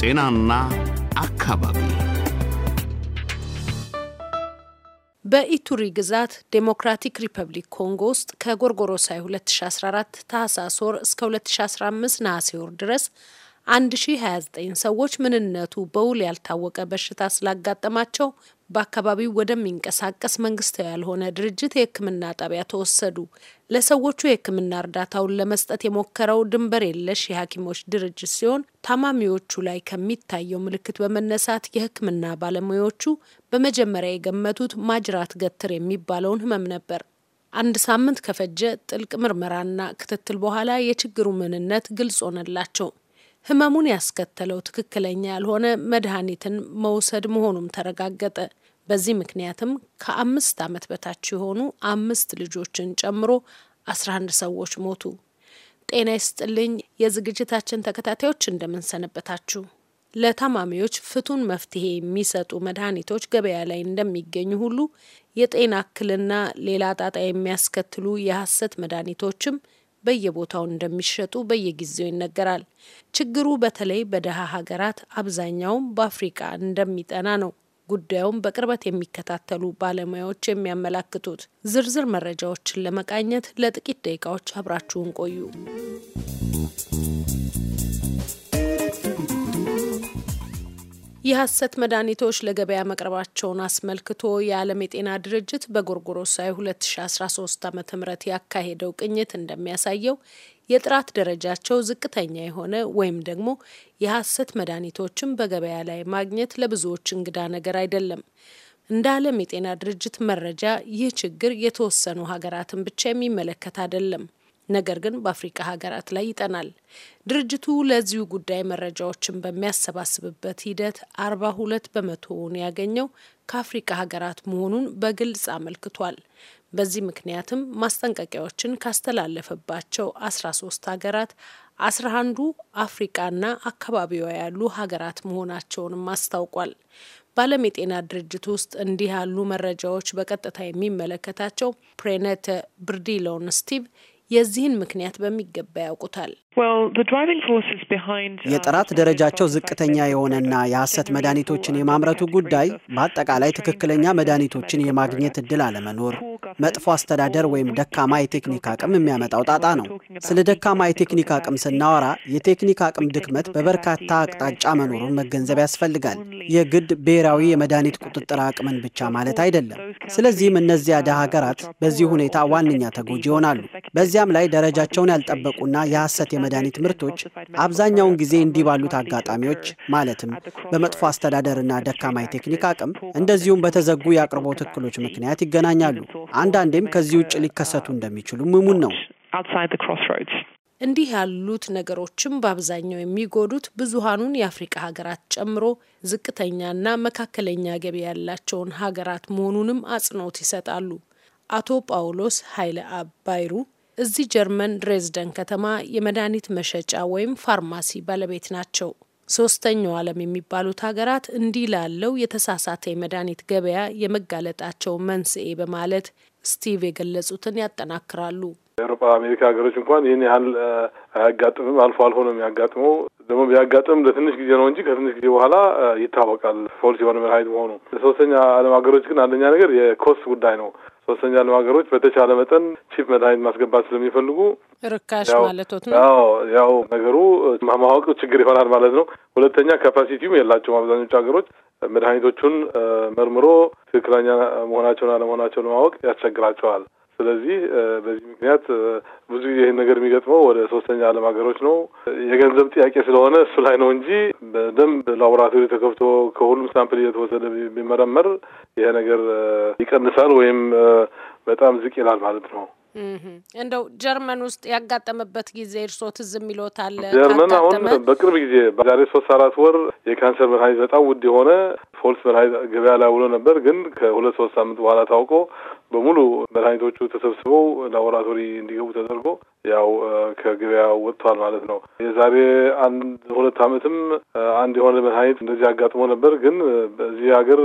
ጤናና አካባቢ በኢቱሪ ግዛት ዴሞክራቲክ ሪፐብሊክ ኮንጎ ውስጥ ከጎርጎሮሳይ 2014 ታህሳስ ወር እስከ 2015 ነሐሴ ወር ድረስ 1029 ሰዎች ምንነቱ በውል ያልታወቀ በሽታ ስላጋጠማቸው በአካባቢው ወደሚንቀሳቀስ መንግስታዊ ያልሆነ ድርጅት የሕክምና ጣቢያ ተወሰዱ። ለሰዎቹ የሕክምና እርዳታውን ለመስጠት የሞከረው ድንበር የለሽ የሐኪሞች ድርጅት ሲሆን ታማሚዎቹ ላይ ከሚታየው ምልክት በመነሳት የሕክምና ባለሙያዎቹ በመጀመሪያ የገመቱት ማጅራት ገትር የሚባለውን ህመም ነበር። አንድ ሳምንት ከፈጀ ጥልቅ ምርመራና ክትትል በኋላ የችግሩ ምንነት ግልጽ ሆነላቸው። ህመሙን ያስከተለው ትክክለኛ ያልሆነ መድኃኒትን መውሰድ መሆኑም ተረጋገጠ። በዚህ ምክንያትም ከአምስት ዓመት በታች የሆኑ አምስት ልጆችን ጨምሮ 11 ሰዎች ሞቱ። ጤና ይስጥልኝ የዝግጅታችን ተከታታዮች እንደምንሰነበታችሁ። ለታማሚዎች ፍቱን መፍትሄ የሚሰጡ መድኃኒቶች ገበያ ላይ እንደሚገኙ ሁሉ የጤና እክልና ሌላ ጣጣ የሚያስከትሉ የሐሰት መድኃኒቶችም በየቦታው እንደሚሸጡ በየጊዜው ይነገራል። ችግሩ በተለይ በደሃ ሀገራት አብዛኛውም በአፍሪቃ እንደሚጠና ነው ጉዳዩን በቅርበት የሚከታተሉ ባለሙያዎች የሚያመላክቱት። ዝርዝር መረጃዎችን ለመቃኘት ለጥቂት ደቂቃዎች አብራችሁን ቆዩ። የሐሰት መድኃኒቶች ለገበያ መቅረባቸውን አስመልክቶ የዓለም የጤና ድርጅት በጎርጎሮሳዊ 2013 ዓ ም ያካሄደው ቅኝት እንደሚያሳየው የጥራት ደረጃቸው ዝቅተኛ የሆነ ወይም ደግሞ የሐሰት መድኃኒቶችን በገበያ ላይ ማግኘት ለብዙዎች እንግዳ ነገር አይደለም። እንደ ዓለም የጤና ድርጅት መረጃ ይህ ችግር የተወሰኑ ሀገራትን ብቻ የሚመለከት አይደለም። ነገር ግን በአፍሪቃ ሀገራት ላይ ይጠናል። ድርጅቱ ለዚሁ ጉዳይ መረጃዎችን በሚያሰባስብበት ሂደት አርባ ሁለት በመቶውን ያገኘው ከአፍሪቃ ሀገራት መሆኑን በግልጽ አመልክቷል። በዚህ ምክንያትም ማስጠንቀቂያዎችን ካስተላለፈባቸው አስራ ሶስት ሀገራት አስራ አንዱ አፍሪቃና አካባቢዋ ያሉ ሀገራት መሆናቸውንም አስታውቋል። በዓለም የጤና ድርጅት ውስጥ እንዲህ ያሉ መረጃዎች በቀጥታ የሚመለከታቸው ፕሬነት ብርዲሎን ስቲቭ የዚህን ምክንያት በሚገባ ያውቁታል። uh, የጥራት ደረጃቸው ዝቅተኛ የሆነና የሐሰት መድኃኒቶችን የማምረቱ ጉዳይ በአጠቃላይ ትክክለኛ መድኃኒቶችን የማግኘት እድል አለመኖር፣ መጥፎ አስተዳደር ወይም ደካማ የቴክኒክ አቅም የሚያመጣው ጣጣ ነው። ስለ ደካማ የቴክኒክ አቅም ስናወራ የቴክኒክ አቅም ድክመት በበርካታ አቅጣጫ መኖሩን መገንዘብ ያስፈልጋል። የግድ ብሔራዊ የመድኃኒት ቁጥጥር አቅምን ብቻ ማለት አይደለም። ስለዚህም እነዚያ ደሃ ሀገራት በዚህ ሁኔታ ዋነኛ ተጎጂ ይሆናሉ። በዚያ በዚያም ላይ ደረጃቸውን ያልጠበቁና የሐሰት የመድኃኒት ምርቶች አብዛኛውን ጊዜ እንዲህ ባሉት አጋጣሚዎች ማለትም በመጥፎ አስተዳደርና ደካማ የቴክኒክ አቅም እንደዚሁም በተዘጉ የአቅርቦት እክሎች ምክንያት ይገናኛሉ። አንዳንዴም ከዚህ ውጭ ሊከሰቱ እንደሚችሉ ምሙን ነው። እንዲህ ያሉት ነገሮችም በአብዛኛው የሚጎዱት ብዙሀኑን የአፍሪቃ ሀገራት ጨምሮ ዝቅተኛና መካከለኛ ገቢ ያላቸውን ሀገራት መሆኑንም አጽንኦት ይሰጣሉ። አቶ ጳውሎስ ኃይለ አባይሩ እዚህ ጀርመን ድሬዝደን ከተማ የመድኃኒት መሸጫ ወይም ፋርማሲ ባለቤት ናቸው። ሶስተኛው ዓለም የሚባሉት ሀገራት እንዲህ ላለው የተሳሳተ የመድኃኒት ገበያ የመጋለጣቸው መንስኤ በማለት ስቲቭ የገለጹትን ያጠናክራሉ። የአውሮፓ አሜሪካ ሀገሮች እንኳን ይህን ያህል አያጋጥምም። አልፎ አልፎ ነው የሚያጋጥመው። ደግሞ ቢያጋጥም ለትንሽ ጊዜ ነው እንጂ ከትንሽ ጊዜ በኋላ ይታወቃል ፎልስ የሆነ መድኃኒት መሆኑ። ለሶስተኛ ዓለም ሀገሮች ግን አንደኛ ነገር የኮስት ጉዳይ ነው ሶስተኛ ዓለም ሀገሮች በተቻለ መጠን ቺፕ መድኃኒት ማስገባት ስለሚፈልጉ ርካሽ ማለቶት ነው። ያው ነገሩ ማማወቅ ችግር ይሆናል ማለት ነው። ሁለተኛ ካፓሲቲውም የላቸውም አብዛኞቹ ሀገሮች መድኃኒቶቹን መርምሮ ትክክለኛ መሆናቸውን አለመሆናቸው ለማወቅ ያስቸግራቸዋል። ስለዚህ በዚህ ምክንያት ብዙ ጊዜ ይህን ነገር የሚገጥመው ወደ ሶስተኛ ዓለም ሀገሮች ነው። የገንዘብ ጥያቄ ስለሆነ እሱ ላይ ነው እንጂ በደንብ ላቦራቶሪ ተከፍቶ ከሁሉም ሳምፕል እየተወሰደ ቢመረመር ይሄ ነገር ይቀንሳል ወይም በጣም ዝቅ ይላል ማለት ነው። እንደው ጀርመን ውስጥ ያጋጠመበት ጊዜ እርስዎ ትዝ የሚልዎት አለ? ጀርመን አሁን በቅርብ ጊዜ ዛሬ ሶስት አራት ወር የካንሰር መድኃኒት በጣም ውድ የሆነ ፎልስ መድኃኒት ገበያ ላይ ውሎ ነበር። ግን ከሁለት ሶስት ሳምንት በኋላ ታውቆ በሙሉ መድኃኒቶቹ ተሰብስበው ላቦራቶሪ እንዲገቡ ተደርጎ ያው ከገበያ ወጥቷል ማለት ነው። የዛሬ አንድ ሁለት ዓመትም አንድ የሆነ መድኃኒት እንደዚህ አጋጥሞ ነበር። ግን በዚህ ሀገር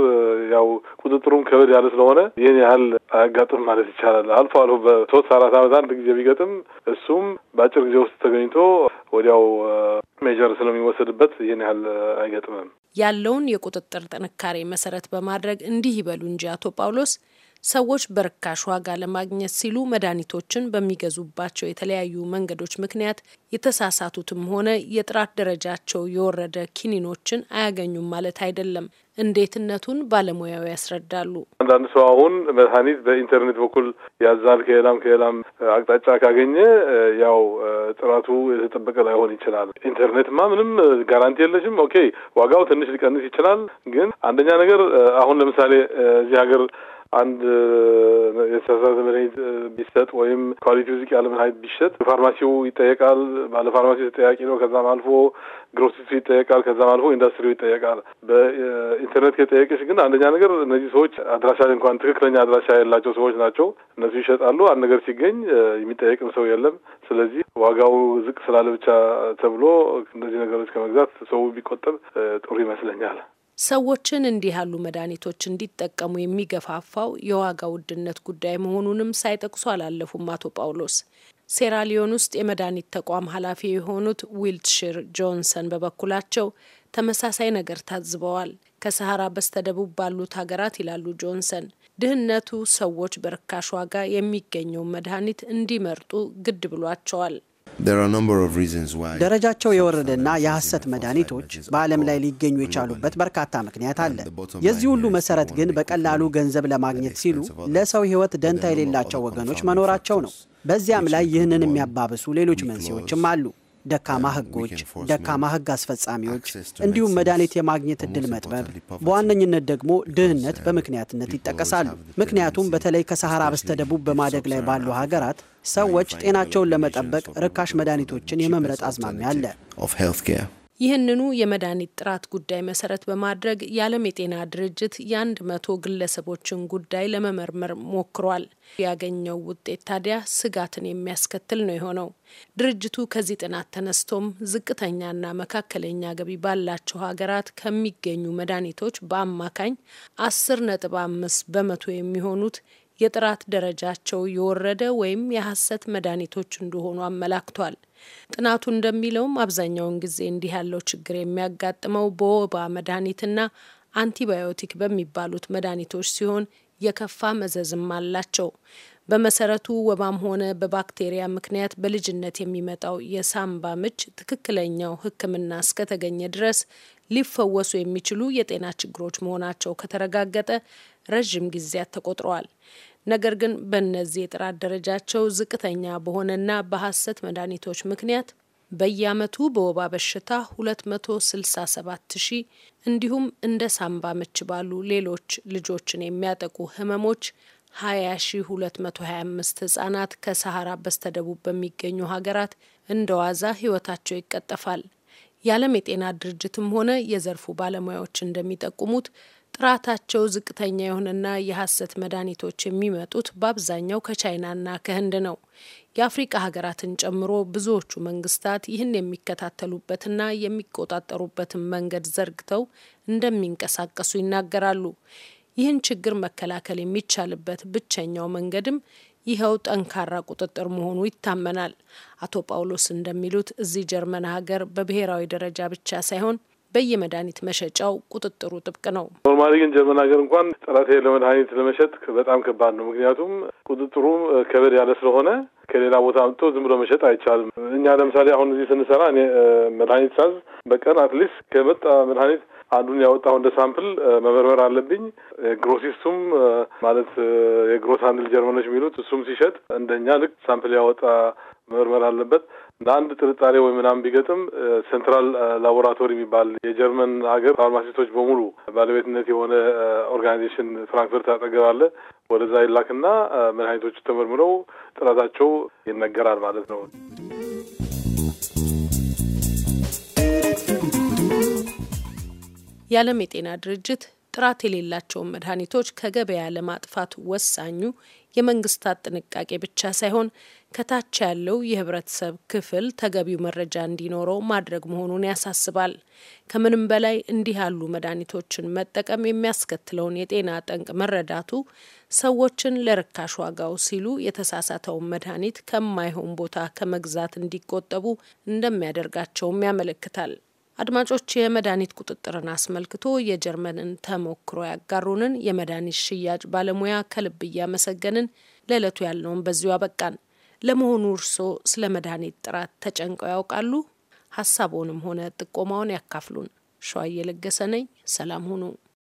ያው ቁጥጥሩም ከበድ ያለ ስለሆነ ይህን ያህል አያጋጥም ማለት ይቻላል። አልፎ አልፎ በሶስት አራት ዓመት አንድ ጊዜ ቢገጥም እሱም በአጭር ጊዜ ውስጥ ተገኝቶ ወዲያው ሜጀር ስለሚወሰድበት ይህን ያህል አይገጥምም። ያለውን የቁጥጥር ጥንካሬ መሰረት በማድረግ እንዲህ ይበሉ እንጂ አቶ ጳውሎስ ሰዎች በርካሽ ዋጋ ለማግኘት ሲሉ መድኃኒቶችን በሚገዙባቸው የተለያዩ መንገዶች ምክንያት የተሳሳቱትም ሆነ የጥራት ደረጃቸው የወረደ ኪኒኖችን አያገኙም ማለት አይደለም። እንዴትነቱን ባለሙያው ያስረዳሉ። አንዳንድ ሰው አሁን መድኃኒት በኢንተርኔት በኩል ያዛል። ከሌላም ከሌላም አቅጣጫ ካገኘ ያው ጥራቱ የተጠበቀ ላይሆን ይችላል። ኢንተርኔትማ ምንም ጋራንቲ የለሽም። ኦኬ ዋጋው ትንሽ ሊቀንስ ይችላል። ግን አንደኛ ነገር አሁን ለምሳሌ እዚህ ሀገር አንድ የተዛዘ መድኃኒት ቢሰጥ ወይም ኳሊቲ ውዝቅ ያለ መድኃኒት ቢሸጥ ፋርማሲው ይጠየቃል። ባለ ፋርማሲው ተጠያቂ ነው። ከዛም አልፎ ግሮሲቱ ይጠየቃል። ከዛም አልፎ ኢንዱስትሪው ይጠየቃል። በኢንተርኔት ከጠየቅሽ ግን አንደኛ ነገር እነዚህ ሰዎች አድራሻ እንኳን ትክክለኛ አድራሻ የላቸው ሰዎች ናቸው። እነሱ ይሸጣሉ። አንድ ነገር ሲገኝ የሚጠየቅም ሰው የለም። ስለዚህ ዋጋው ዝቅ ስላለ ብቻ ተብሎ እነዚህ ነገሮች ከመግዛት ሰው ቢቆጠብ ጥሩ ይመስለኛል። ሰዎችን እንዲህ ያሉ መድኃኒቶች እንዲጠቀሙ የሚገፋፋው የዋጋ ውድነት ጉዳይ መሆኑንም ሳይጠቅሱ አላለፉም አቶ ጳውሎስ። ሴራሊዮን ውስጥ የመድኃኒት ተቋም ኃላፊ የሆኑት ዊልትሽር ጆንሰን በበኩላቸው ተመሳሳይ ነገር ታዝበዋል። ከሰሃራ በስተደቡብ ባሉት ሀገራት ይላሉ ጆንሰን፣ ድህነቱ ሰዎች በርካሽ ዋጋ የሚገኘውን መድኃኒት እንዲመርጡ ግድ ብሏቸዋል። ደረጃቸው የወረደና የሐሰት መድኃኒቶች በዓለም ላይ ሊገኙ የቻሉበት በርካታ ምክንያት አለ። የዚህ ሁሉ መሰረት ግን በቀላሉ ገንዘብ ለማግኘት ሲሉ ለሰው ሕይወት ደንታ የሌላቸው ወገኖች መኖራቸው ነው። በዚያም ላይ ይህንን የሚያባብሱ ሌሎች መንስኤዎችም አሉ። ደካማ ህጎች፣ ደካማ ህግ አስፈጻሚዎች፣ እንዲሁም መድኃኒት የማግኘት እድል መጥበብ፣ በዋነኝነት ደግሞ ድህነት uh, በምክንያትነት ይጠቀሳሉ። ምክንያቱም በተለይ ከሰሐራ በስተደቡብ በማደግ ላይ ባሉ ሀገራት ሰዎች ጤናቸውን ለመጠበቅ ርካሽ መድኃኒቶችን የመምረጥ አዝማሚያ አለ። ይህንኑ የመድኃኒት ጥራት ጉዳይ መሰረት በማድረግ የዓለም የጤና ድርጅት የአንድ መቶ ግለሰቦችን ጉዳይ ለመመርመር ሞክሯል። ያገኘው ውጤት ታዲያ ስጋትን የሚያስከትል ነው የሆነው። ድርጅቱ ከዚህ ጥናት ተነስቶም ዝቅተኛና መካከለኛ ገቢ ባላቸው ሀገራት ከሚገኙ መድኃኒቶች በአማካኝ አስር ነጥብ አምስት በመቶ የሚሆኑት የጥራት ደረጃቸው የወረደ ወይም የሐሰት መድኃኒቶች እንደሆኑ አመላክቷል። ጥናቱ እንደሚለውም አብዛኛውን ጊዜ እንዲህ ያለው ችግር የሚያጋጥመው በወባ መድኃኒትና አንቲባዮቲክ በሚባሉት መድኃኒቶች ሲሆን የከፋ መዘዝም አላቸው። በመሰረቱ ወባም ሆነ በባክቴሪያ ምክንያት በልጅነት የሚመጣው የሳምባ ምች ትክክለኛው ሕክምና እስከተገኘ ድረስ ሊፈወሱ የሚችሉ የጤና ችግሮች መሆናቸው ከተረጋገጠ ረዥም ጊዜያት ተቆጥረዋል። ነገር ግን በእነዚህ የጥራት ደረጃቸው ዝቅተኛ በሆነና በሐሰት መድኃኒቶች ምክንያት በየዓመቱ በወባ በሽታ 267 ሺህ እንዲሁም እንደ ሳምባ ምች ባሉ ሌሎች ልጆችን የሚያጠቁ ህመሞች 20225 ህጻናት ከሰሐራ በስተደቡብ በሚገኙ ሀገራት እንደ ዋዛ ህይወታቸው ይቀጠፋል። የዓለም የጤና ድርጅትም ሆነ የዘርፉ ባለሙያዎች እንደሚጠቁሙት ጥራታቸው ዝቅተኛ የሆነና የሐሰት መድኃኒቶች የሚመጡት በአብዛኛው ከቻይናና ከህንድ ነው። የአፍሪቃ ሀገራትን ጨምሮ ብዙዎቹ መንግስታት ይህን የሚከታተሉበትና የሚቆጣጠሩበትን መንገድ ዘርግተው እንደሚንቀሳቀሱ ይናገራሉ። ይህን ችግር መከላከል የሚቻልበት ብቸኛው መንገድም ይኸው ጠንካራ ቁጥጥር መሆኑ ይታመናል። አቶ ጳውሎስ እንደሚሉት እዚህ ጀርመን ሀገር በብሔራዊ ደረጃ ብቻ ሳይሆን በየመድኃኒት መሸጫው ቁጥጥሩ ጥብቅ ነው። ኖርማሊ ግን ጀርመን ሀገር እንኳን ጥራት ያለው መድኃኒት ለመሸጥ በጣም ከባድ ነው። ምክንያቱም ቁጥጥሩ ከበድ ያለ ስለሆነ ከሌላ ቦታ አምጥቶ ዝም ብሎ መሸጥ አይቻልም። እኛ ለምሳሌ አሁን እዚህ ስንሰራ እኔ መድኃኒት ሳዝ በቀን አትሊስት ከመጣ መድኃኒት አንዱን ያወጣሁ እንደ ሳምፕል መመርመር አለብኝ። ግሮሲስቱም ማለት የግሮስ አንድል ጀርመኖች የሚሉት እሱም ሲሸጥ እንደኛ ልክ ሳምፕል ያወጣ መመርመር አለበት። አንድ ጥርጣሬ ወይ ምናምን ቢገጥም ሴንትራል ላቦራቶሪ የሚባል የጀርመን ሀገር ፋርማሲስቶች በሙሉ ባለቤትነት የሆነ ኦርጋናይዜሽን ፍራንክፈርት አጠገብ አለ። ወደዛ ይላክና መድኃኒቶቹ ተመርምረው ጥራታቸው ይነገራል ማለት ነው። የዓለም የጤና ድርጅት ጥራት የሌላቸውን መድኃኒቶች ከገበያ ለማጥፋት ወሳኙ የመንግስታት ጥንቃቄ ብቻ ሳይሆን ከታች ያለው የህብረተሰብ ክፍል ተገቢው መረጃ እንዲኖረው ማድረግ መሆኑን ያሳስባል። ከምንም በላይ እንዲህ ያሉ መድኃኒቶችን መጠቀም የሚያስከትለውን የጤና ጠንቅ መረዳቱ ሰዎችን ለርካሽ ዋጋው ሲሉ የተሳሳተውን መድኃኒት ከማይሆን ቦታ ከመግዛት እንዲቆጠቡ እንደሚያደርጋቸውም ያመለክታል። አድማጮች የመድኃኒት ቁጥጥርን አስመልክቶ የጀርመንን ተሞክሮ ያጋሩንን የመድኃኒት ሽያጭ ባለሙያ ከልብ እያመሰገንን ለዕለቱ ያለውን በዚሁ አበቃን። ለመሆኑ እርስዎ ስለ መድኃኒት ጥራት ተጨንቀው ያውቃሉ? ሀሳቡንም ሆነ ጥቆማውን ያካፍሉን። ሸዋ እየለገሰ ነኝ። ሰላም ሁኑ።